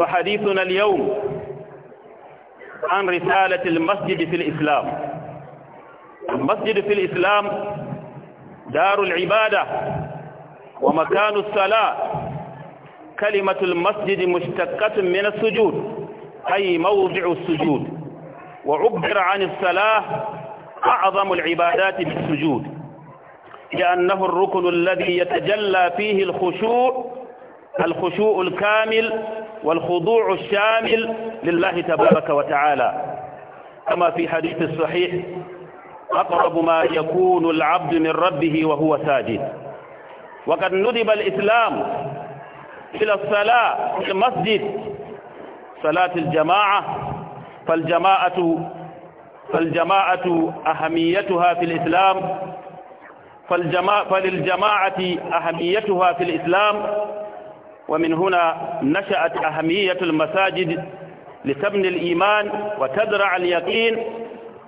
فحديثنا اليوم عن رسالة المسجد في الإسلام المسجد في الإسلام دار العبادة ومكان الصلاة كلمة المسجد مشتقة من السجود أي موضع السجود وعبر عن الصلاة أعظم العبادات بالسجود لأنه الركن الذي يتجلى فيه الخشوع الخشوع الكامل والخضوع الشامل لله تبارك وتعالى كما في حديث الصحيح أقرب ما يكون العبد من ربه وهو ساجد وقد ندب الإسلام إلى الصلاة في المسجد صلاة الجماعة فالجماعة فالجماعة أهميتها في الإسلام فالجماعة فللجماعة أهميتها في الإسلام ومن هنا نشأت أهمية المساجد لتبني الإيمان وتزرع اليقين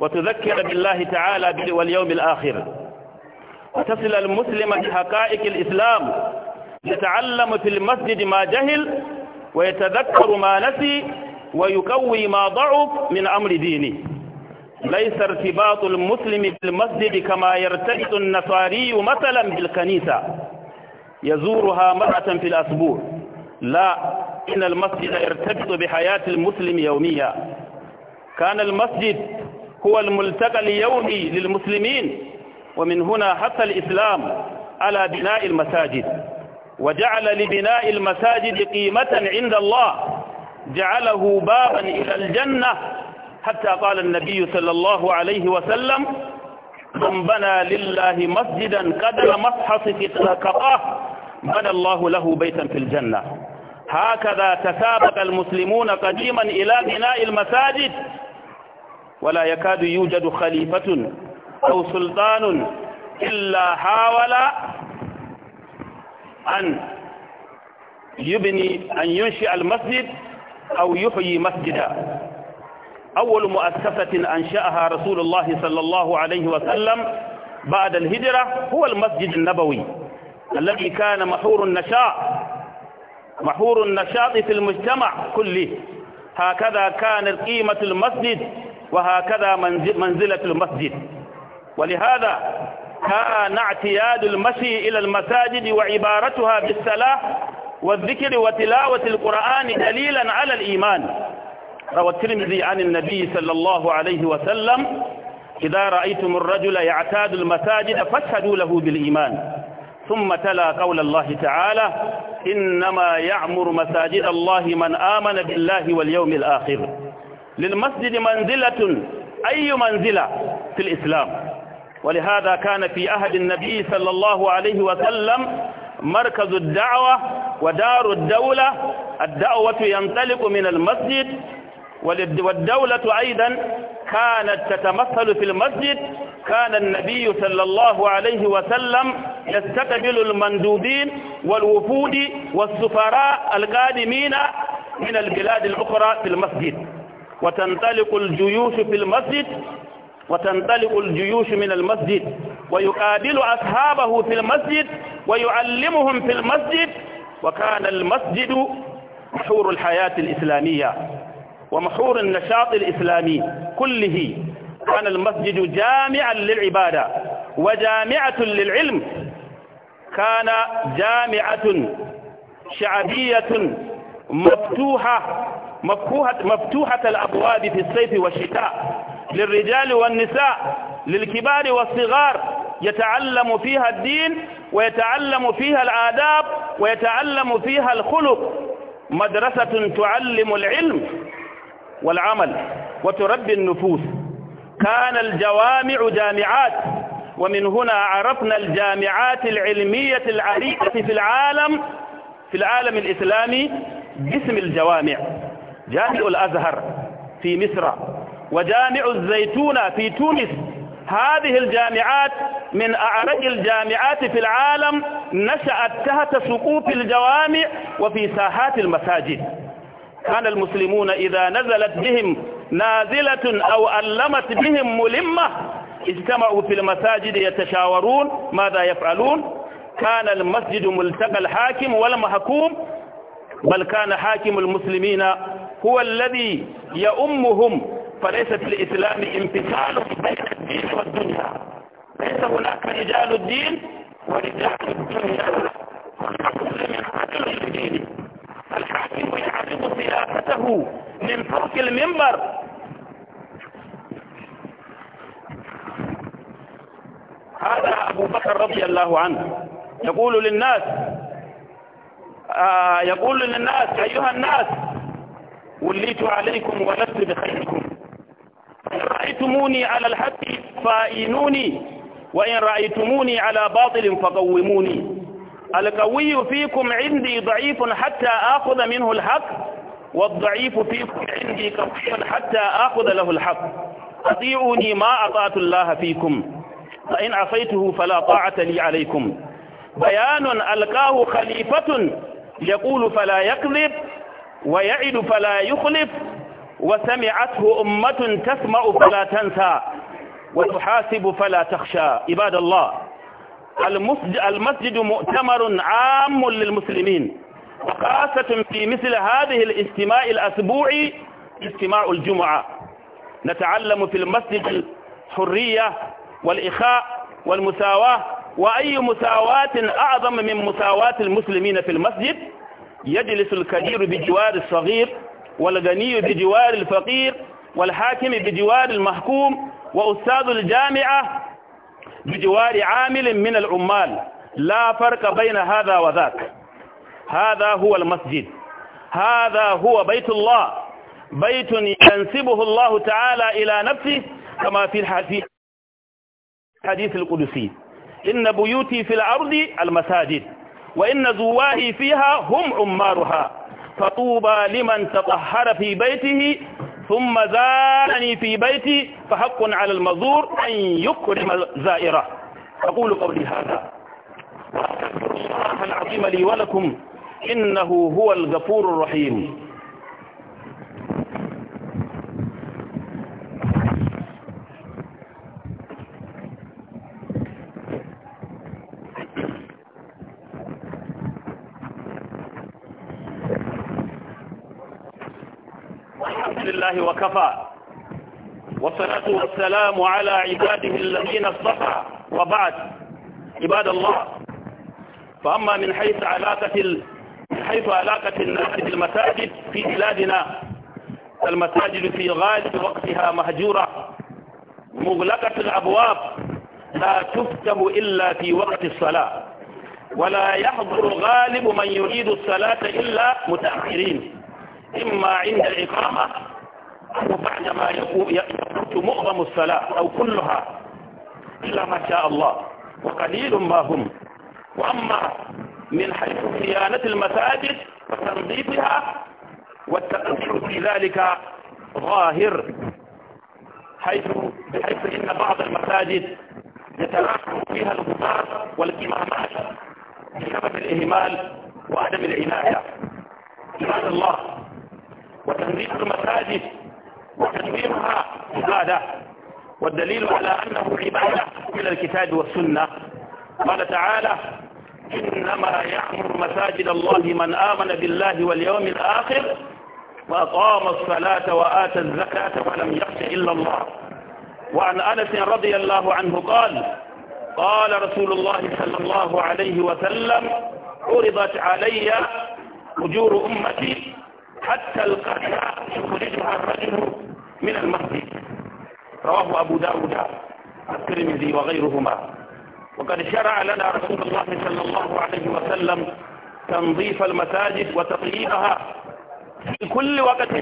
وتذكر بالله تعالى واليوم الآخر وتصل المسلم بحقائق الإسلام يتعلم في المسجد ما جهل ويتذكر ما نسي ويكوي ما ضعف من أمر دينه ليس ارتباط المسلم بالمسجد كما يرتبط النصاري مثلا بالكنيسة يزورها مرة في الأسبوع لا إن المسجد يرتبط بحياة المسلم يوميا كان المسجد هو الملتقى اليومي للمسلمين ومن هنا حث الإسلام على بناء المساجد وجعل لبناء المساجد قيمة عند الله جعله بابا إلى الجنة حتى قال النبي صلى الله عليه وسلم من بنى لله مسجدا قدر مصحف كقاه بنى الله له بيتا في الجنة هكذا تسابق المسلمون قديما إلى بناء المساجد ولا يكاد يوجد خليفة أو سلطان إلا حاول أن يبني أن ينشئ المسجد أو يحيي مسجدا أول مؤسسة أنشأها رسول الله صلى الله عليه وسلم بعد الهجرة هو المسجد النبوي الذي كان محور النشاء محور النشاط في المجتمع كله هكذا كانت قيمة المسجد وهكذا منزلة المسجد ولهذا كان اعتياد المشي إلى المساجد وعبارتها بالصلاة والذكر وتلاوة القرآن دليلا على الإيمان روى الترمذي عن النبي صلى الله عليه وسلم إذا رأيتم الرجل يعتاد المساجد فاشهدوا له بالإيمان ثم تلا قول الله تعالى إنما يعمر مساجد الله من آمن بالله واليوم الآخر للمسجد منزلة أي منزلة في الإسلام ولهذا كان في عهد النبي صلى الله عليه وسلم مركز الدعوة ودار الدولة الدعوة ينطلق من المسجد والدولة أيضا كانت تتمثل في المسجد كان النبي صلى الله عليه وسلم يستقبل المندوبين والوفود والسفراء القادمين من البلاد الأخرى في المسجد وتنطلق الجيوش في المسجد وتنطلق الجيوش من المسجد ويقابل أصحابه في المسجد ويعلمهم في المسجد وكان المسجد محور الحياة الإسلامية ومحور النشاط الإسلامي كله كان المسجد جامعا للعبادة وجامعة للعلم كان جامعة شعبية مفتوحة مفتوحة, مفتوحة الأبواب في الصيف والشتاء للرجال والنساء للكبار والصغار يتعلم فيها الدين ويتعلم فيها الآداب ويتعلم فيها الخلق مدرسة تعلم العلم والعمل وتربي النفوس كان الجوامع جامعات ومن هنا عرفنا الجامعات العلمية العريقة في العالم في العالم الإسلامي باسم الجوامع جامع الأزهر في مصر وجامع الزيتونة في تونس هذه الجامعات من أعرق الجامعات في العالم نشأت تحت سقوف الجوامع وفي ساحات المساجد كان المسلمون إذا نزلت بهم نازلة أو ألمت بهم ملمة اجتمعوا في المساجد يتشاورون ماذا يفعلون كان المسجد ملتقى الحاكم والمحكوم بل كان حاكم المسلمين هو الذي يؤمهم فليس في الإسلام انفصال بين الدين والدنيا ليس هناك رجال الدين ورجال الدنيا كل مسلم عدل الحاكم يعرض خلافته من فوق المنبر هذا أبو بكر رضي الله عنه يقول للناس آه يقول للناس أيها الناس وليت عليكم ولست بخيركم إن رأيتموني على الحق فائنوني وإن رأيتموني على باطل فقوموني القوي فيكم عندي ضعيف حتى آخذ منه الحق والضعيف فيكم عندي قوي حتى آخذ له الحق أطيعوني ما أطعت الله فيكم فإن عصيته فلا طاعة لي عليكم بيان ألقاه خليفة يقول فلا يكذب ويعد فلا يخلف وسمعته أمة تسمع فلا تنسى وتحاسب فلا تخشى عباد الله المسجد مؤتمر عام للمسلمين وخاصة في مثل هذه الاجتماع الأسبوعي اجتماع الجمعة نتعلم في المسجد الحرية والإخاء والمساواة وأي مساواة أعظم من مساواة المسلمين في المسجد يجلس الكبير بجوار الصغير والغني بجوار الفقير والحاكم بجوار المحكوم وأستاذ الجامعة بجوار عامل من العمال لا فرق بين هذا وذاك هذا هو المسجد هذا هو بيت الله بيت ينسبه الله تعالى إلى نفسه كما في الحديث القدسي إن بيوتي في الأرض المساجد وإن زواهي فيها هم عمارها فطوبى لمن تطهر في بيته ثم زارني في بيتي فحق على المزور أن يكرم زائرة أقول قولي هذا الله العظيم لي ولكم إنه هو الغفور الرحيم الله وكفى والصلاة والسلام على عباده الذين اصطفى وبعد عباد الله فأما من حيث علاقة ال... من حيث علاقة الناس بالمساجد في بلادنا المساجد في غالب وقتها مهجورة مغلقة الأبواب لا تفتح إلا في وقت الصلاة ولا يحضر غالب من يريد الصلاة إلا متأخرين إما عند الإقامة أنه بعدما يفوت مغرم الصلاة أو كلها إلا ما شاء الله وقليل ما هم وأما من حيث صيانة المساجد وتنظيفها والتأثر في ذلك ظاهر حيث بحيث إن بعض المساجد يتلاحم فيها الغبار والإمامات بسبب الإهمال وعدم العناية عباد الله وتنظيف المساجد وتكريمها عبادة والدليل على أنه عبادة من الكتاب والسنة قال تعالى إنما يعمر مساجد الله من آمن بالله واليوم الآخر وأقام الصلاة وآتى الزكاة ولم يخش إلا الله وعن أنس رضي الله عنه قال قال رسول الله صلى الله عليه وسلم عرضت علي أجور أمتي حتى القرية يخرجها الرجل من المسجد رواه أبو داود الترمذي وغيرهما وقد شرع لنا رسول الله صلى الله عليه وسلم تنظيف المساجد وتطييبها في كل وقت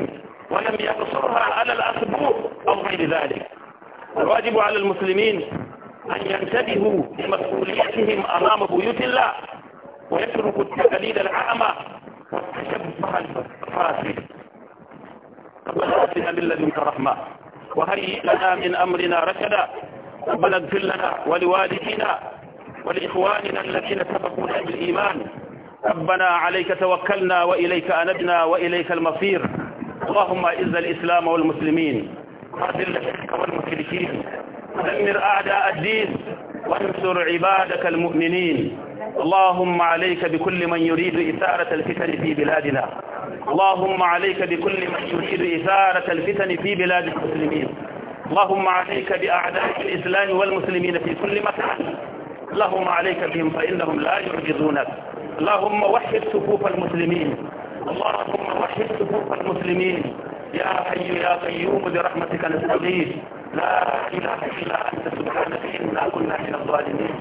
ولم يقصرها على الأسبوع أو غير ذلك الواجب على المسلمين أن ينتبهوا لمسؤوليتهم أمام بيوت الله ويتركوا التقاليد العامة تشبه ربنا من لدنك رحمة وهيئ لنا من أمرنا رشدا ربنا اغفر لنا ولوالدينا ولإخواننا الذين سبقونا بالإيمان ربنا عليك توكلنا وإليك أنبنا وإليك المصير اللهم إذ الإسلام والمسلمين قاتل الشرك والمشركين ودمر أعداء الدين وانصر عبادك المؤمنين اللهم عليك بكل من يريد إثارة الفتن في بلادنا اللهم عليك بكل من يريد إثارة الفتن في بلاد المسلمين اللهم عليك بأعداء الإسلام والمسلمين في كل مكان اللهم عليك بهم فإنهم لا يعجزونك اللهم وحد صفوف المسلمين اللهم وحد صفوف المسلمين يا حي يا قيوم برحمتك نستغيث لا إله إلا أنت سبحانك إنا كنا من الظالمين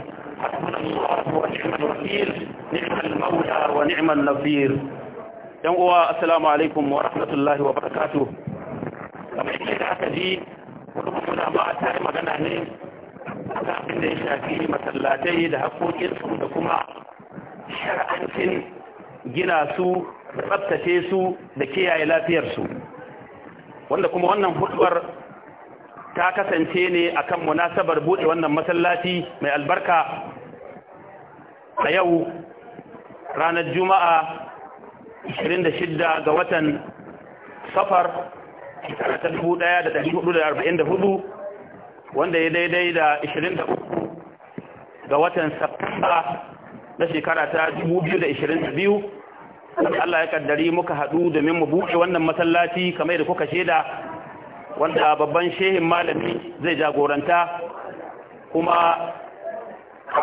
حسبنا الله ونعم الوكيل نعم المولى ونعم النصير yan uwa assalamu alaikum wa rahmatullahi wa barakatuh kamar yadda aka ji wani muna ba ta yi magana ne a abin da ya shafi masallatai da haƙoƙinsu da kuma gina su da tsaftace su da kiyaye lafiyarsu wanda kuma wannan hudubar ta kasance ne a kan munasabar buɗe wannan masallaci mai albarka a yau ranar juma'a 26 ga watan safar 1444 wanda ya daidai da 23 ga watan safar na shekara ta 2022 Allah ya kaddari muka haɗu domin mu buɗe wannan masallaci kamar da kuka shaida wanda babban shehin malami zai jagoranta kuma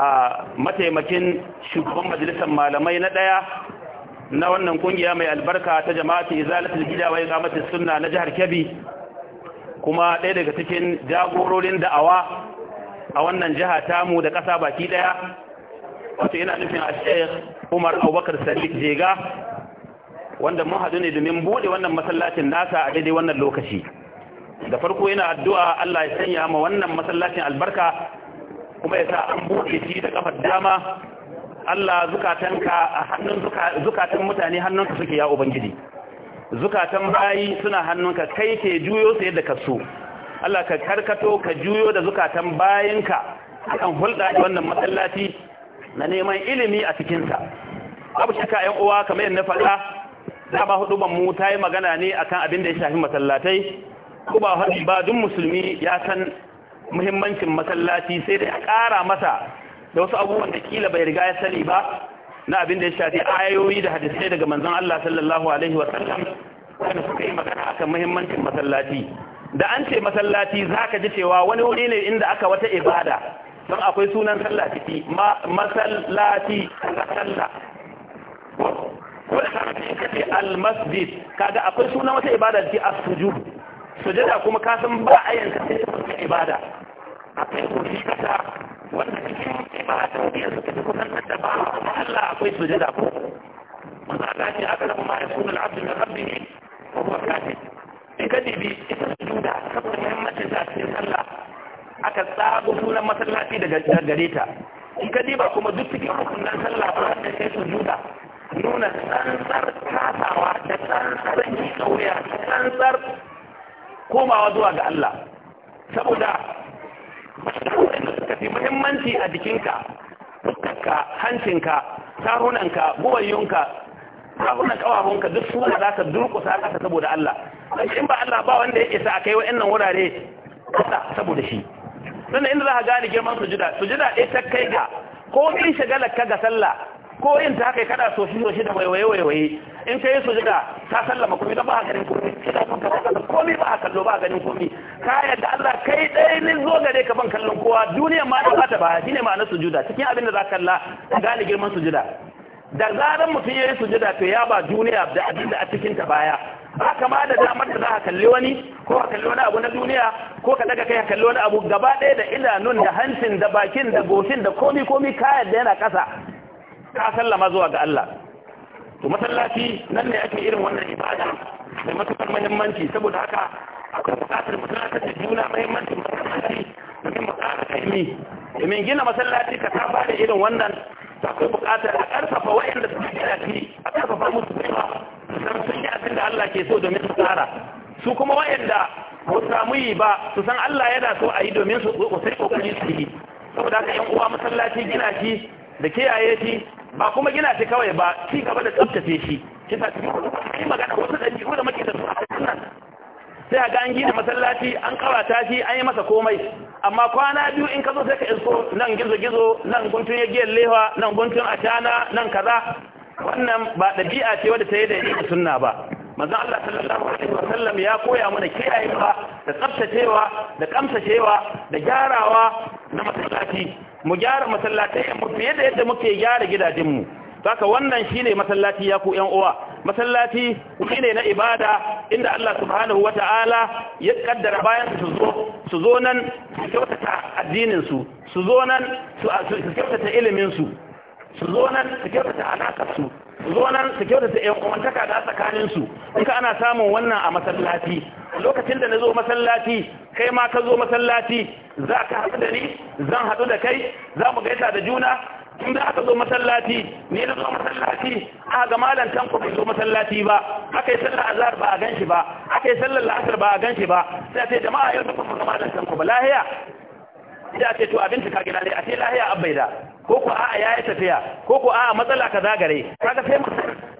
a mataimakin shugaban majalisar malamai na ɗaya na wannan kungiya mai albarka ta jama'atu izalatul gida wai kamata sunna na jihar Kebbi kuma ɗaya daga cikin jagororin da'awa a wannan jiha tamu da ƙasa baki ɗaya wato yana nufin a sheikh Umar Abubakar Sadiq Jega wanda mun haɗu ne domin buɗe wannan masallacin nasa a daidai wannan lokaci da farko yana addu'a Allah ya sanya ma wannan masallacin albarka kuma ya sa an buɗe shi da kafar dama Allah zukatanka a hannun zukatan mutane hannunka suke ya ubangiji zukatan bayi suna hannunka kai ke juyo su yadda ka Allah ka karkato ka juyo da zukatan bayinka akan hulɗa da wannan masallaci na neman ilimi a cikinsa abu shaka ‘yan uwa kamar yadda faɗa dama hudu ban mu ta yi magana ne akan abin da ya shafi masallatai ko ba hadi ba duk musulmi ya san muhimmancin masallaci sai da ya ƙara masa da wasu abubuwan da kila bai riga ya sani ba na abin da ya shafi ayoyi da hadisai daga manzon Allah sallallahu alaihi wa sallam wanda suka yi magana akan muhimmancin masallaci da an ce masallaci zaka ji cewa wani wuri ne inda aka wata ibada don akwai sunan sallah ciki masallaci sallah ko da kace al masjid kaga akwai sunan wata ibada ciki as-sujud sujada kuma ka san ba a yanzu sai ta fuska ibada akwai shi kasa wanda cikin ibada da yanzu kaji kusan da ba kuma Allah akwai sujada ko wanda Allah ne aka zama ma Kuma al-abdu min rabbih wa huwa kafir in ka dibi ita sujuda saboda muhimmancin ta cikin sallah aka tsabo sunan masallaci daga gare ta in ka diba kuma duk cikin rukunan sallah ba da sai sujuda nuna tsantsar kasawa da tsantsar yi kauya da tsantsar komawa zuwa ga Allah saboda suka muhimmanci a jikinka ka hancinka sarunanka buwayyunka sabunan kawafinka duk suna za ka durkusa kasa saboda Allah in ba Allah ba wanda ya isa a kai wa'annan wurare kasa saboda shi sannan inda za ka gane girman sujida sujida ɗaya ta kai ga ko in shagalar ka ga sallah ko in ta haka kada so shi shi da waiwaye waiwaye in kai so shiga ta sallama kuma ba ganin komi. kada kun ka saka komi ba kallo ba ganin komi. ka yadda Allah kai dai ni zo gare ka ban kallon kowa duniya ma da ta ba shine na sujuda cikin abin da za kalla gane girman sujuda da zaran mutum ya yi sujuda to ya ba duniya da abin da a cikin ta baya ba kama da damar da za ka kalli wani ko ka kalli wani abu na duniya ko ka daga kai ka kalli wani abu gaba ɗaya da idanun da hancin da bakin da goshin da komi komi ka yadda yana kasa ka sallama zuwa ga Allah to masallaci nan ne ake irin wannan ibada mai matukar muhimmanci saboda haka akwai bukatar mu ta da juna muhimmanci masallaci domin mu ƙara kaimi domin gina masallaci ka saba da irin wannan ta kai bukatar a ƙarfafa da suke gina a ƙarfafa musu baiwa su san sun yi abin da Allah ke so domin su tsara su kuma da ba samu yi ba su san Allah yana so a yi domin su sai kokari su yi saboda haka yan uwa masallaci gina shi da kiyaye shi ba kuma gina shi kawai ba shi gaba da tsabtace shi kisa cikin magana wasu ɗabi'u da maki da su a cikin sai ga an gina masallaci an kawata shi an yi masa komai amma kwana biyu in ka zo sai ka isko nan gizo-gizo nan guntun giyar lewa nan guntun ashana nan kaza wannan ba ɗabi'a ce wadda ta yi da yi sunna ba manzo Allah sallallahu alaihi wa sallam ya koya mana kiyayewa da tsaftacewa da kamsacewa da gyarawa na masallaci mu gyara masallatai mu fiye da yadda muke gyara gidajenmu saka wannan shine masallaci ya ku yan uwa masallaci shine na ibada inda Allah subhanahu Ta'ala ya kaddara bayan su zo su zo nan su kyautata addinin su su zo nan su kyautata ilimin su su zo nan su kyautata alaƙar su zo nan su kyautata yan kwantaka da tsakanin su ka ana samun wannan a masallaci lokacin da na zo masallaci kai ma ka zo masallaci za ka haɗu da ni zan haɗu da kai za mu gaisa da juna in da aka zo masallaci ne na zo masallaci a ga malantan ku bai zo masallaci ba aka yi sallar azhar ba a ganshi ba aka yi sallar la'asar ba a ganshi ba sai ce jama'a yau da kuma ga ku ba lahiya ita ce to abin ka gida ne a ce lahiya abai da ko ku a'a yi tafiya ko ku a'a matsala ka zagare kaga sai mu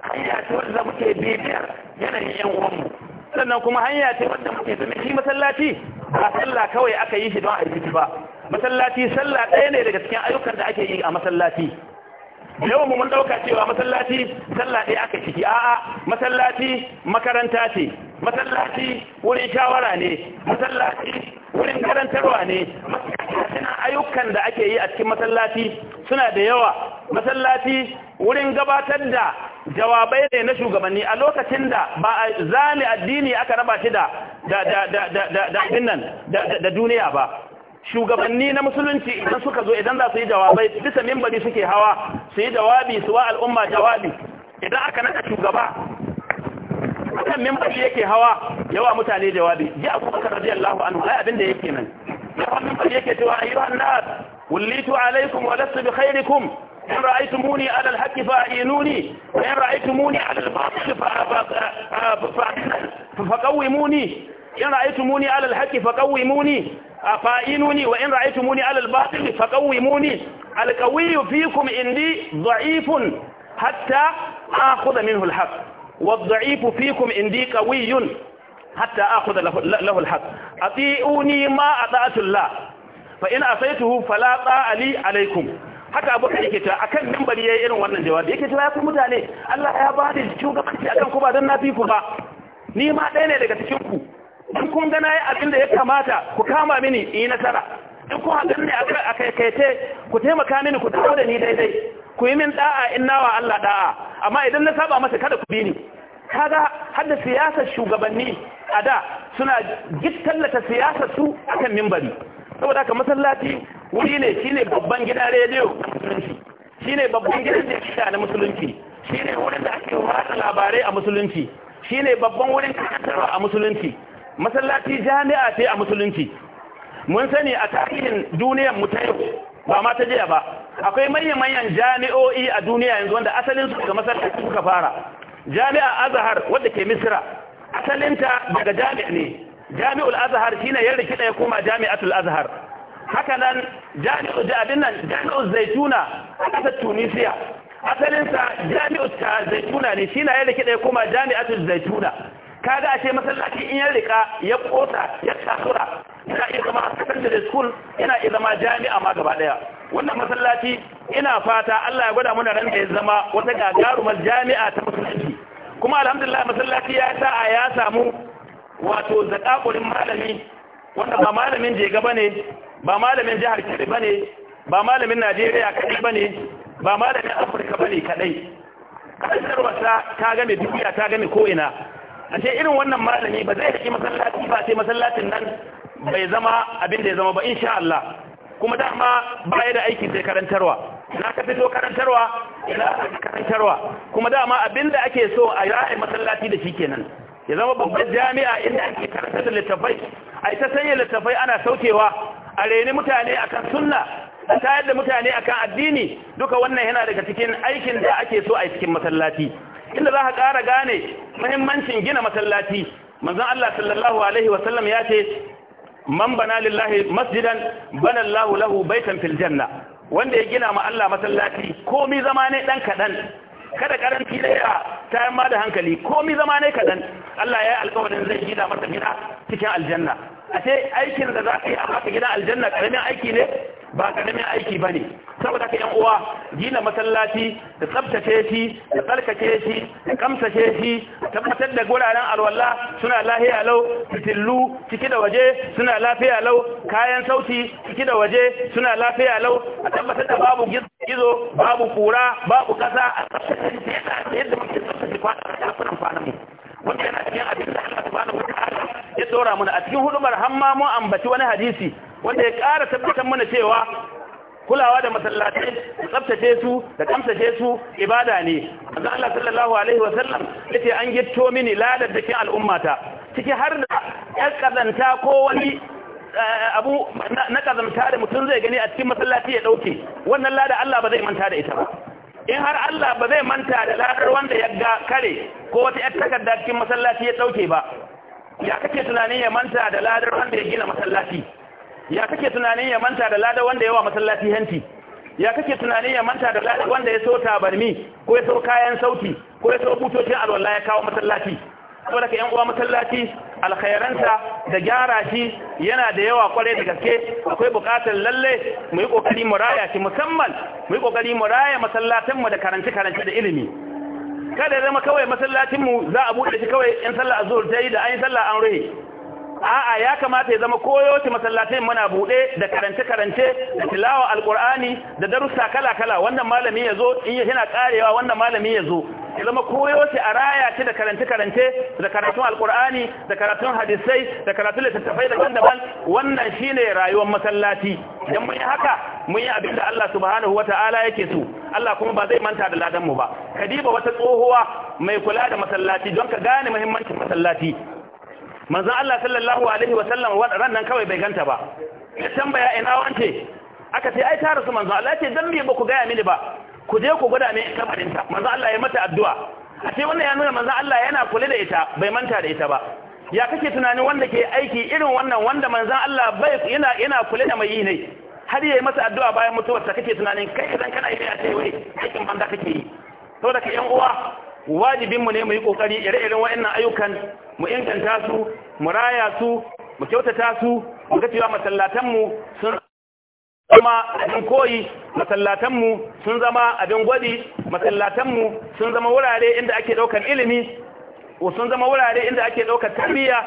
hanya ce wanda muke bibiyar yanayin yan uwanmu sannan kuma hanya ce wanda muke zama shi masallaci ba sallah kawai aka yi shi don aiki ba masallaci sallah ɗaya ne daga cikin ayyukan da ake yi a masallaci yau mu mun dauka cewa masallaci sallah ɗaya aka ciki a'a masallaci makaranta ce masallaci wurin shawara ne masallaci wurin karantarwa ne ayyukan da ake yi a cikin masallaci suna da yawa masallaci wurin gabatar da jawabai ne na shugabanni a lokacin da ba a zami addini aka raba shi da da duniya ba shugabanni na musulunci idan suka zo idan za su yi jawabai bisa mimbari suke hawa su yi jawabi su wa al'umma jawabi idan aka naka shugaba kan mimbari yake hawa yawa mutane jawabi ji abubakar radiyallahu anhu ai abin da yake nan yawa mimbari yake cewa ayyuhan nas wallitu alaikum wa lastu bi khairikum إن رأيتموني على الحق فأعينوني وإن رأيتموني على الباطل فقوموني إن رأيتموني على الحق فقوموني فأعينوني وإن رأيتموني على الباطل فقوموني القوي فيكم عندي ضعيف حتى آخذ منه الحق والضعيف فيكم عندي قوي حتى أخذ له الحق أطيعوني ما أطعت الله فإن أطيته فلا طاعة لي عليكم haka abokan yake akan mimbari yayi irin wannan jawabi yake ta ya ku mutane Allah ya ba da shugabanci akan ku ba dan na ku ba ni ma ɗaya ne daga cikin ku in kun ga nayi abin da ya kamata ku kama mini in nasara in kun haɗu ne akai kai ku taimaka mini ku dawo da ni daidai ku yi min da'a in nawa Allah da'a amma idan na saba masa kada ku bini, ni kaga hadda siyasar shugabanni a da suna gittallata siyasar su akan mimbari saboda haka masallaci wuri ne shine babban gidan rediyo shine babban gidan da na musulunci shine wurin da ake watsa labarai a musulunci shine babban wurin karantarwa a musulunci masallaci jami'a ce a musulunci mun sani a tarihin duniyar mu ta yau ba ma ta jiya ba akwai manyan jami'o'i a duniya yanzu wanda asalin su daga masar suka fara jami'a azahar wadda ke misira asalinta daga jami'a ne jami'ul azahar shi shine yadda kiɗa ya koma jami'atul azhar haka nan jami'u abin nan jami'u zaituna a ƙasar tunisia asalinsa jami'u ta zaituna ne shi na yadda kiɗa ya koma jami'atu zaituna kaga a ce masallaci in ya rika ya kota ya kasura yana iya zama secondary school yana iya jami'a ma gaba ɗaya. wannan masallaci ina fata Allah ya gwada mana ran da ya zama wata gagarumar jami'a ta musulunci kuma alhamdulillah masallaci ya a ya samu wato zakakurin malami wanda ba malamin jega bane ba malamin jihar Kebbi bane ba malamin Najeriya kadai bane ba malamin Afirka bane kadai kasar wasa ta game duniya ta game ko ina ashe irin wannan malami ba zai yi masallaci ba sai masallacin nan bai zama abin da ya zama ba insha Allah kuma dama baya da aiki sai karantarwa na ka fito karantarwa Ina karantarwa kuma dama abinda ake so a yi masallaci da shi kenan ya zama babbar jami'a inda ake karantar da littafai a ta sanya littafai ana saukewa a reni mutane akan sunna a tayar da mutane akan addini duka wannan yana daga cikin aikin da ake so a yi cikin masallaci inda za ka kara gane muhimmancin gina masallaci manzon Allah sallallahu alaihi wasallam ya ce man bana lillahi masjidan bana Allahu lahu baitan fil janna wanda ya gina ma Allah masallaci komai zama ne dan kadan kada karanci da ya ta ma da hankali komai zama ne kadan Allah ya yi alƙawarin zai gina masa gida cikin aljanna a ce aikin da za ka yi a baka gida aljanna karamin aiki ne ba ƙaramin aiki ba ne saboda ka uwa gina masallaci da tsabtace shi da tsarkake shi da kamsace shi tabbatar da guraren alwallah suna lafiya lau fitillu ciki da waje suna lafiya lau kayan sauti ciki da waje suna lafiya lau a tabbatar da babu gizo babu kura babu kasa a tsabtace yadda muke tsabtace kwanan mu wanda yana cikin abin da Allah subhanahu wataala ya dora mana a cikin hudubar hamma mu ambaci wani hadisi wanda ya ƙara tabbatar mana cewa kulawa da masallatai tsaftace su da kamsace su ibada ne azza Allah sallallahu alaihi wa sallam yace an gitto mini ladar da al'ummata ciki har da ƴan kazanta ko wani eh, abu na kazanta da mutum zai gani a cikin masallaci ya dauke wannan lada Allah ba zai manta da ita ba in har Allah ba zai manta da ladar wanda ya ga kare ko wata yar takarda cikin masallaci ya dauke ba ya kake tunanin ya manta da ladar wanda ya gina masallaci ya kake tunanin ya manta da ladar wanda ya wa masallaci hanti ya kake tunanin ya manta da ladar wanda ya so tabarmi ko ya so kayan sauti ko ya so butocin alwala ya kawo masallaci kuma ka yan uwa masallaci alkhairanta da gyara shi yana da yawa kware da gaske akwai bukatar lalle mu yi kokari mu raya shi musamman mu yi kokari mu raya mu da karanci karanci da ilimi kada zama kawai masallacin mu za a bude shi kawai in sallah azhur ta yi da an yi sallah an ruhi a'a ya kamata ya zama koyo ta masallatai muna bude da karance-karance da tilawa alkur'ani da darussa kala-kala wannan malami yazo zo in yana karewa wannan malami ya zo ya zama koyo shi a raya ce da karance-karance da karatun alkur'ani da karatun hadisai da karatun littattafai da daban wannan shine rayuwar masallaci idan mun yi haka mun yi abin da Allah subhanahu ta'ala yake so Allah kuma ba zai manta da ladanmu mu ba kadiba wata tsohuwa mai kula da masallaci don ka gane muhimmancin masallaci manzon Allah sallallahu alaihi wa sallam wannan kawai bai ganta ba ya tambaya ina wance aka ce ai ta rasu manzo Allah ce dan me ba ku gaya mini ba ku je ku gwada mai kamarinta manzo Allah ya mata addu'a a sai wannan ya nuna manzo Allah yana kula da ita bai manta da ita ba ya kake tunanin wanda ke aiki irin wannan wanda manzo Allah bai yana yana kula da mai yi ne har yayi mata addu'a bayan mutuwar ta kake tunanin kai kadan kana yi a ce wai aikin banda kake yi da ka yan uwa wajibin mu ne mu yi kokari ire-iren waɗannan ayyukan mu inganta su mu raya su mu kyautata su mu ga cewa masallatanmu sun zama abin koyi masallatanmu sun zama abin gwadi masallatanmu sun zama wurare inda ake ɗaukar ilimi sun zama wurare inda ake ɗaukar tarbiyya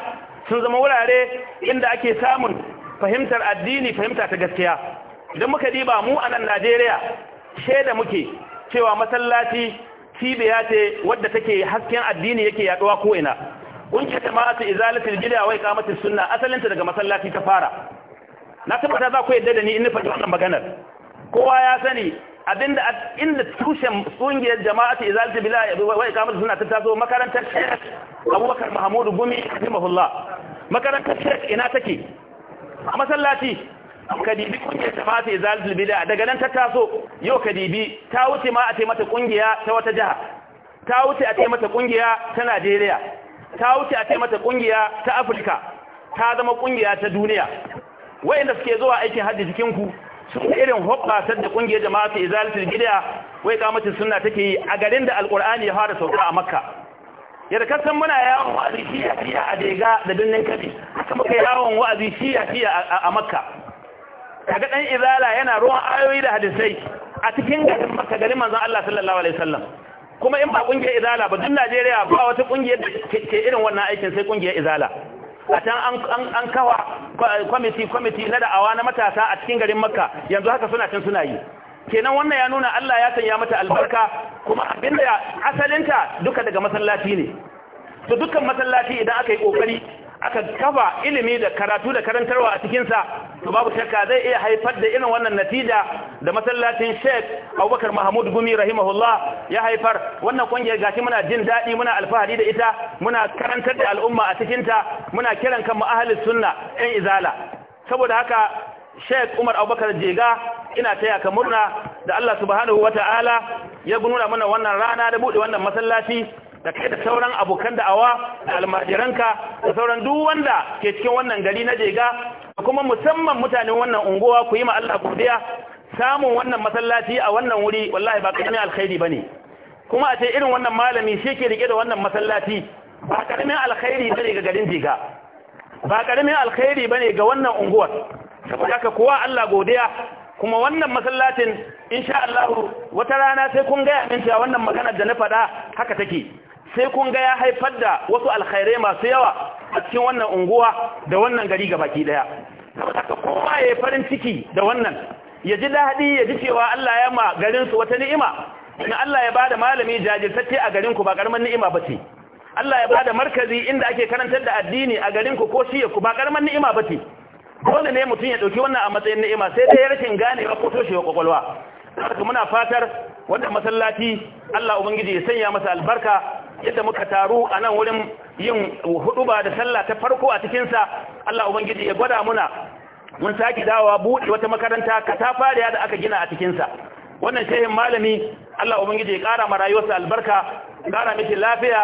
sun zama wurare inda ake samun fahimtar addini fahimta ta gaskiya idan muka diba mu a nan najeriya shaida muke cewa masallaci cibiya ce wadda take hasken addini yake yaduwa ta ƙungiyar ta izalatul gida wai kamatul sunna asalinta daga masallaci ta fara na tabbata za ku yadda da ni in faɗi wannan maganar kowa ya sani abinda inda tushen tsungiyar jama'atu izalati bila wa kamar suna ta taso makarantar Sheikh Abubakar Mahmud Gumi rahimahullah makarantar Sheikh ina take a masallaci kadibi kungiyar jama'atu izalati bila daga nan ta taso yau kadibi ta wuce ma a ce mata kungiya ta wata jiha ta wuce a ce mata kungiya ta Najeriya ta wuce a ce mata kungiya ta Afirka ta zama kungiya ta duniya wayanda suke zuwa aikin hajji cikin ku su irin ta da ƙungiyar jama'a ta izalatul gida wai kamata sunna take yi a garin da alqur'ani ya fara sauka a makka yadda kasan muna yawon wa'azi shiya-shiya a dega da birnin kabi haka muka yawon wa'azi shiya-shiya a makka kaga dan izala yana ruwan ayoyi da hadisai a cikin garin makka garin manzon Allah sallallahu alaihi wasallam kuma in ba kungiyar izala ba duk Najeriya ba wata kungiyar da ke irin wannan aikin sai kungiyar izala a can an kawa kwamiti na da'awa na matasa a cikin garin makka yanzu haka suna can suna yi kenan wannan ya nuna Allah ya sanya mata albarka kuma abinda asalinta duka daga masallaci ne to dukkan masallaci idan aka yi ƙoƙari. aka kafa ilimi da karatu da karantarwa a cikinsa to babu shakka zai iya haifar da irin wannan natija da masallacin sheikh abubakar mahmud gumi rahimahullah ya haifar wannan kungiyar gashi muna jin daɗi muna alfahari da ita muna karantar da al'umma a cikinta muna kiran kan ma'ahalin sunna yan izala saboda haka sheikh umar abubakar jega ina taya ka murna da allah subhanahu wata'ala ya nuna mana wannan rana da buɗe wannan masallaci da kai da sauran abokan da'awa da almajiranka da sauran duk wanda ke cikin wannan gari na jega da kuma musamman mutanen wannan unguwa ku yi ma Allah godiya samun wannan masallaci a wannan wuri wallahi ba karamin alkhairi bane kuma a ce irin wannan malami shi ke rike da wannan masallaci ba karamin alkhairi bane ga garin jega ba karamin alkhairi bane ga wannan unguwar saboda ka kowa Allah godiya kuma wannan masallacin insha Allah wata rana sai kun ga cewa wannan maganar da na faɗa haka take sai kun ga ya haifar da wasu alkhairai masu yawa a cikin wannan unguwa da wannan gari ga baki daya Kuma ya yi farin ciki da wannan ya ji daɗi ya ji cewa Allah ya ma garinsu wata ni'ima in Allah ya bada malami jajirtacce a garinku ba karaman ni'ima ba ce Allah ya bada markazi inda ake karantar da addini a garinku ko shi ku ba karaman ni'ima ba ce dole ne mutum ya ɗauki wannan a matsayin ni'ima sai dai rashin gane ko toshewa kwakwalwa muna fatar wannan masallaci Allah ubangiji ya sanya masa albarka yadda muka taru a nan wurin yin huduba da sallah ta farko a cikinsa Allah Ubangiji ya gwada muna mun sake dawowa buɗe wata makaranta katafariya da aka gina a cikinsa wannan shehin malami Allah Ubangiji ya ƙara ma rayuwarsa albarka ƙara miki lafiya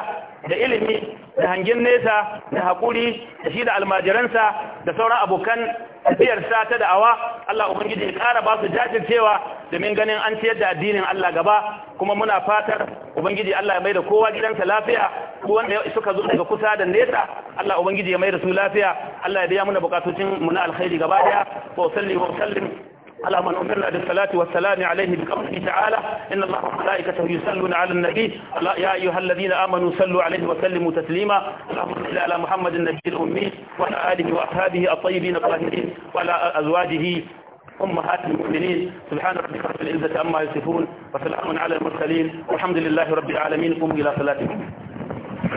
da ilimi da hangen nesa da haƙuri da shi da almajiransa da sauran abokan tafiyar sata da awa Allah ubangiji ya kara ba su jajircewa domin ganin an ciyar da addinin Allah gaba kuma muna fatar ubangiji Allah ya mai da kowa gidansa lafiya ko wanda suka zo daga kusa da nesa Allah ubangiji ya mai da su lafiya Allah ya biya muna bukatocin mu na alkhairi gaba daya wa salli wa sallim على من أمرنا بالصلاة والسلام عليه بقوله تعالى إن الله وملائكته يصلون على النبي يا أيها الذين آمنوا صلوا عليه وسلموا تسليما اللهم صل على محمد النبي الأمي وعلى آله وأصحابه الطيبين الطاهرين وعلى أزواجه أمهات المؤمنين سبحان ربك رب العزة عما يصفون وسلام على المرسلين والحمد لله رب العالمين قم إلى صلاتكم